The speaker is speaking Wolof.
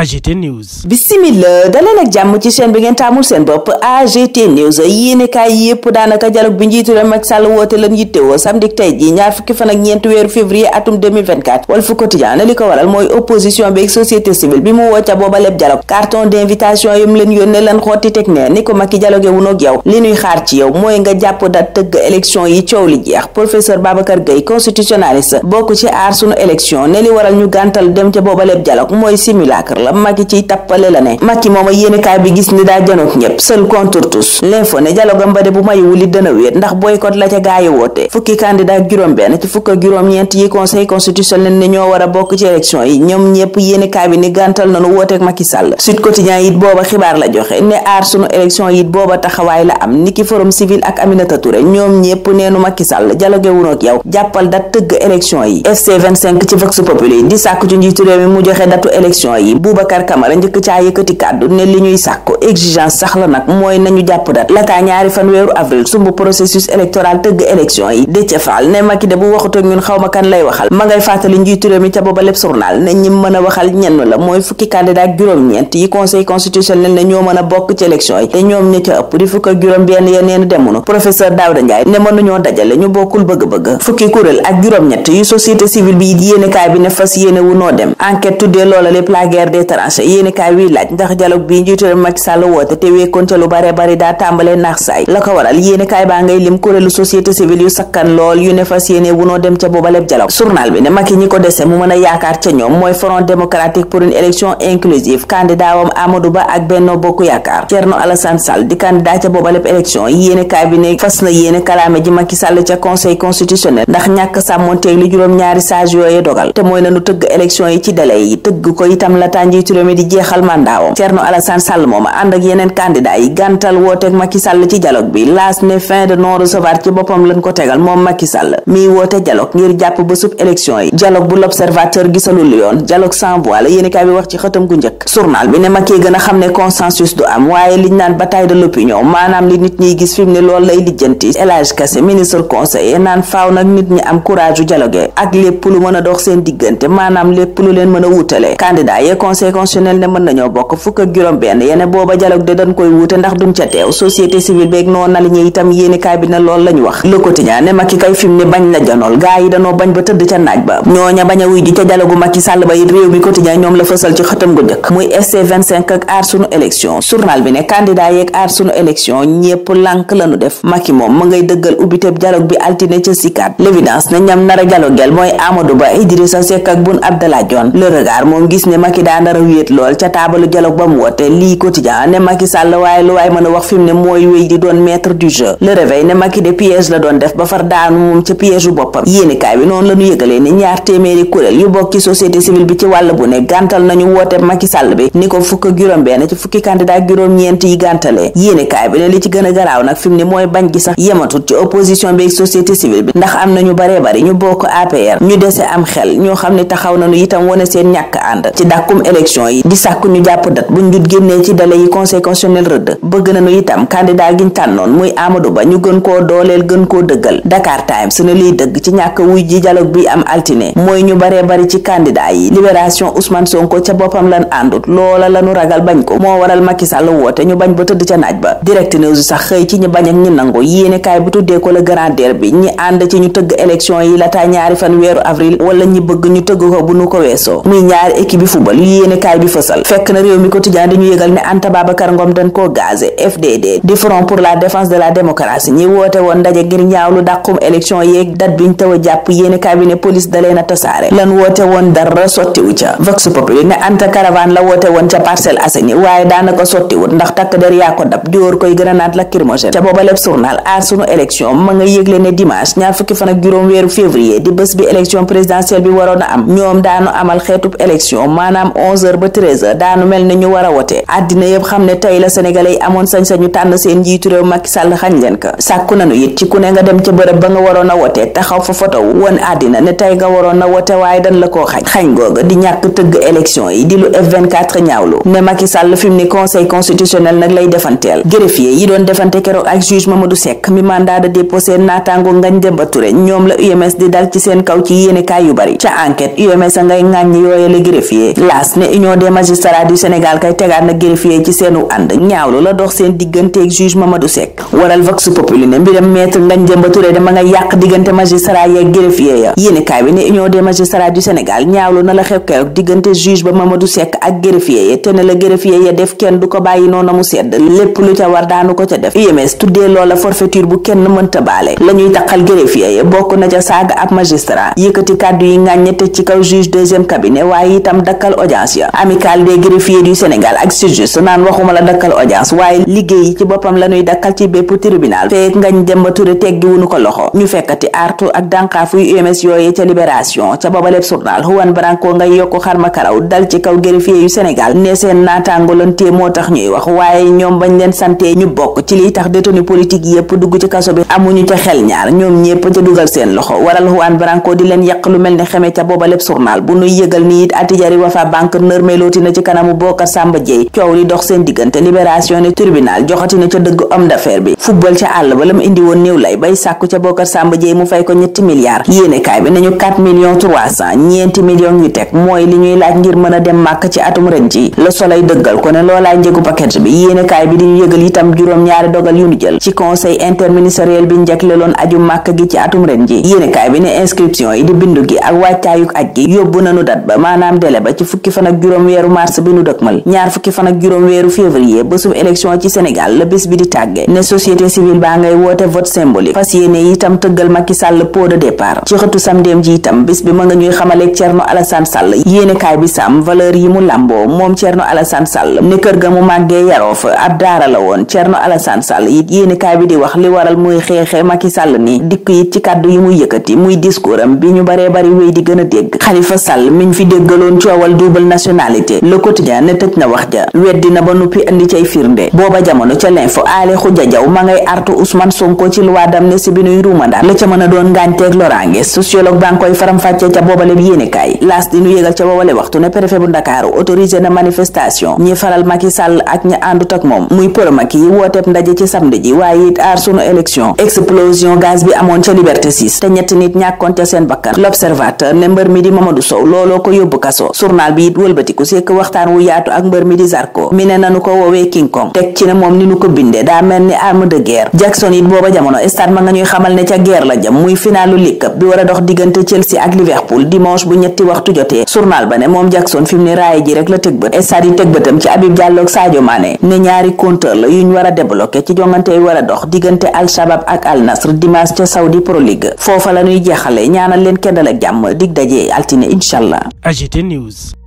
AGT News. bisimila dalal ak jàmm ci chaîne bi ngeen taamul seen bopp AGT News yéenekaay yépp daanaka dialogue bi njiitu réew Macky Sall woote lan yittewoo samedi tey ji ñaar fukki fan ak weeru février atum 2024 Walf Quotidien ne li ko waral mooy opposition bi ak société civile bi mu woo ca booba lépp dialogue carton d'invitation yum leen yónnee lan xotti teg ne ni ko Macky dialogue wunoog yow li ñuy xaar ci yow mooy nga jàpp dat tëgg élection yi coow Macky ciy tappale la ne Macky mooma yéenekaay bi gis ni daa janook ñëpp seul contre tous l'info ne dialogue am ba de bu mayiwu li dana wéet ndax boycott la ca gaayi woote fukki candidat juróom-benn ci fukk juróom-ñeent yi conseil constitutionnel ne ñoo war a bokk ci élection yi ñoom ñëpp yéenekaay bi ni gàntal nanu wooteek Macky Sall Sud Quotidien it booba xibaar la joxe ne aar sunu élection booba taxawaay la am niki forum civil ak Aminata Touré ñoom ñëpp neenu Macky Sall dialogue wunook yow jàppal dat tëgg élection yi FC 25 ci vox populi di sàkk ci njiitu réew mi mu joxe datu élection yi Boubacar Camara njëkk caa yëkkati kàddu ne li ñuy sàkku exigence sax la nag mooy nañu jàpp dat lataa ñaari fan avril sumb processus électoral tëgg élection yi Déthié Fall ne Macky bu waxut ñun xaw kan lay waxal ma ngay fàttali njiitu réew ca booba lépp ne ñi mën a waxal ñenn la mooy fukki candidat ak juróom-ñeent yi conseil constitutionnel ne ñoo mën a bokk ci élection yi te ñoom ña ëpp di fukk juróom benn ya neen demunu professeur tranché yéeni kaay wi laaj ndax dialogue bi njiitu réew Macky Sall woote te wéekoon ca lu bare bari daa tàmbalee naax saay la ko waral yéeni kaay baa ngay lim kuréelu société civile yu sakkan lool yu ne fas yéene wunoo dem ca boobaleb dialogue journal bi ne Macky ñi ko dese mu mën a yaakaar ca ñoom mooy front démocratique pour une élection inclusive candidat Amadou Ba ak Benno Bokk Yaakaar Thierno Alassane Sall di candidat ca boobaleb élection yi ci njiitu réew mi di jeexal mandaawam Thierno bu l'observateur gisalul yoon dialogue sans voix la yéenekaay bi wax ci xëtam gu njëkk journal bi ne Macky gën a xam ne consensus du am waaye liñ naan bataille de l'opinion maanaam li nit ñiy gis fi mu ne lay lijjanti El Hadj Kassé ministre conseiller naan faaw nag nit ñi am courage u ak lépp lu mën a dox seen diggante maanaam lépp lu leen mën a wutale candidat ye conseil constitutionnel ne mën nañoo bokk fukk ak juróom benn yene booba dialogue de dañ koy wuute ndax duñ ca teew société civile beeg noo na li ñe itam kaay bi ne loolu lañ wax Le Quotidien ne Macky kay fim ne bañ la janool a bi ca Sicap L'Évidence ne ñam nar a mooy Amadou Ba Idrissa Seck ak Boun Abdallah Le Regard moom gis ne Macky daan nara wéet lool ca taabalu dialogue ba mu woote lii quotidien ne Macky Sall waaye lu waay mën a wax fi ne mooy wéy di doon maître du jeu le ne Macky bi noonu la yëgalee ne ñaar téeméeri kuréel yu bokk ci société bi ci wàll bu ne gàntal nañu woote Macky bi ni ko fukk juróom-benn ci fukki candidat juróom-ñeent yi gàntalee yéenekaay bi ne li ci gën a garaaw nag fi ne mooy bañ gi sax yematut ci opposition bi ak société civile bi ndax élection yi di sàkk ñu jàpp dat buñ jut génnee ci dale yi conseil constitutionnel rëdd bëgg nañu itam candidat giñ tànnoon muy Amadou Ba ñu gën koo dooleel gën koo dëggal Dakar Times su ne liy dëgg ci ñàkk wuy ji dialogue bi am altine mooy ñu baree bari ci candidat yi libération Ousmane Sonko ca boppam lan àndut loola lanu ragal bañ ko moo waral Macky woote ñu bañ ba tëdd ca naaj ba direct news sax xëy ci ñi bañ ak ñi nangu yéene bu tuddee ko la grand bi ñi ànd yéenekaay bi fësal fekk na réew mi ne Anta Babacar la woote woon a a ca vox populi waaye daanaka sottiwut ndax takk der yaa ko dab dóor koy grenade lacrymogène ca booba lépp journal aar sunu élection ma nga yëgle ne dimanche ñaar fukki fan juróom weeru février di bés bi élection présidentielle bi waroon a am ñoom daanu amal xeetub élection maanaam 11 heures ba 13 daanu mel ne ñu war a wote àddina yëpp xam ne tey la sénégalais yi amoon sañ-sañu tànn seen njiitu réew Macky Sall xañ leen ka a wote taxaw fa a yi doon defante keroog ak juge Mamadou Seck mi mandat de dépôt seen naataango Ngagne Demba ñoom la UMS di dal ci seen kaw ci yéene kaay yu bari ca enquête UMS a ngay ŋàññ yooyale greffier laas ne union des magistrats du Sénégal kay tegaat na greffier ci seenu ànd ñaawlu la dox seen diggante ak juge ba Mamadou Seck ak greffier ya te ne la greffier ya def kenn du ko bàyyi noonu mu sedd lépp lu ca war daanu deuxième cabinet waaye itam dakkal audience audience ya amicale des greffiers du Sénégal ak sudjust naan waxuma la dakkal audience waaye liggéey yi ci boppam la ñuy dakkal ci bépp tribunal feek ngañ Demba Touré teggi wuñu ko loxo ñu fekkati artu ak dànqaafuy UMS yooye ca libération ca boobaleb journal Juan Branco ngay yokku xarma dal ci kaw greffier yu Sénégal ne seen naataango moo tax ñuy wax waaye ñoom bañ leen santee ñu bokk ci liy tax détenu politique yépp dugg ci kaso bi amuñu ca xel ñaar ñoom ñépp Kër nërmelooti na ci kanamu Bocar Samba Dièye coow li dox seen diggante libération ne tribunal joxati na ca dëgg homme d'affaires bi football ca àll ba la mu indi woon néew lay bay sàkku ca Bocar Samba Dièye mu fay ko ñetti milliards yu teg mooy li ñuy laaj ngir mën a dem màkk ci atum ren ji Le Soleil dëggal ko ne loolaay njëgu paquet bi yéenekaay bi di ñu yëgal itam juróom-ñaari dogal yu ñu jël ci conseil interministériel bi njëkkle loon aju màkk gi ci atum ak juróom weeru mars bi nu dëkmal ñaar fukki fan ak juróom weeru février bésub élection ci Sénégal la bés bi di tàgge ne société civile baa ngay woote vote symbolique fas yéene itam tëggal Macky Sall pot bi ma nga ñuy xamaleeg Thierno Alassane Sall yéenekaay bi sàmm valeur yi mu làmboo moom Thierno Alassane Sall ne kër ga mu màggee yaroo ab daara la woon Thierno Alassane Sall it yéenekaay bi di wax li waral muy xeexee Macky Sall ni dikk it ci kàddu yi muy yëkkati muy discours am bi ñu baree bari wéy a nationalité le quotidien ne tëj na wax ja weddi na ba nuppi andi cay firnde booba jamono ca l'info aale xujja jaw ma ngay artu Ousmane Sonko ci loi d'amnistie bi nuy ruumandaat la ca mën a doon ngànteeg loraange sociologue baa ngi koy faram-fàccee ca boobaleb yéenekaay laas di nu yégal ca boobale waxtu ne préfet bu Ndakaaru autorisé na manifestation ñi faral Macky Sall ak ñi àndut ak moom muy pro Macky yi wooteeb ndaje ci samedi ji waaye it aar sunu élection wëlbatiku sekk waxtaan wu yaatu ak mbër mi di Zarko mi ne nanu ko woowee King Kong teg ci ne moom ni nu ko binde daa mel ni arme de guerre Jackson it booba jamono stade ma nga ñuy xamal ne ca guerre la jëm muy finaalu League Cup bi war a dox diggante Chelsea ak Liverpool dimanche bu ñetti waxtu jotee journal ba ne moom Jackson fi mu ne ji rek la tëg bët yi tëg ci Habib Diallo ak Sadio ne ñaari compteur la yuñ war a ci jongante yu war a la ñuy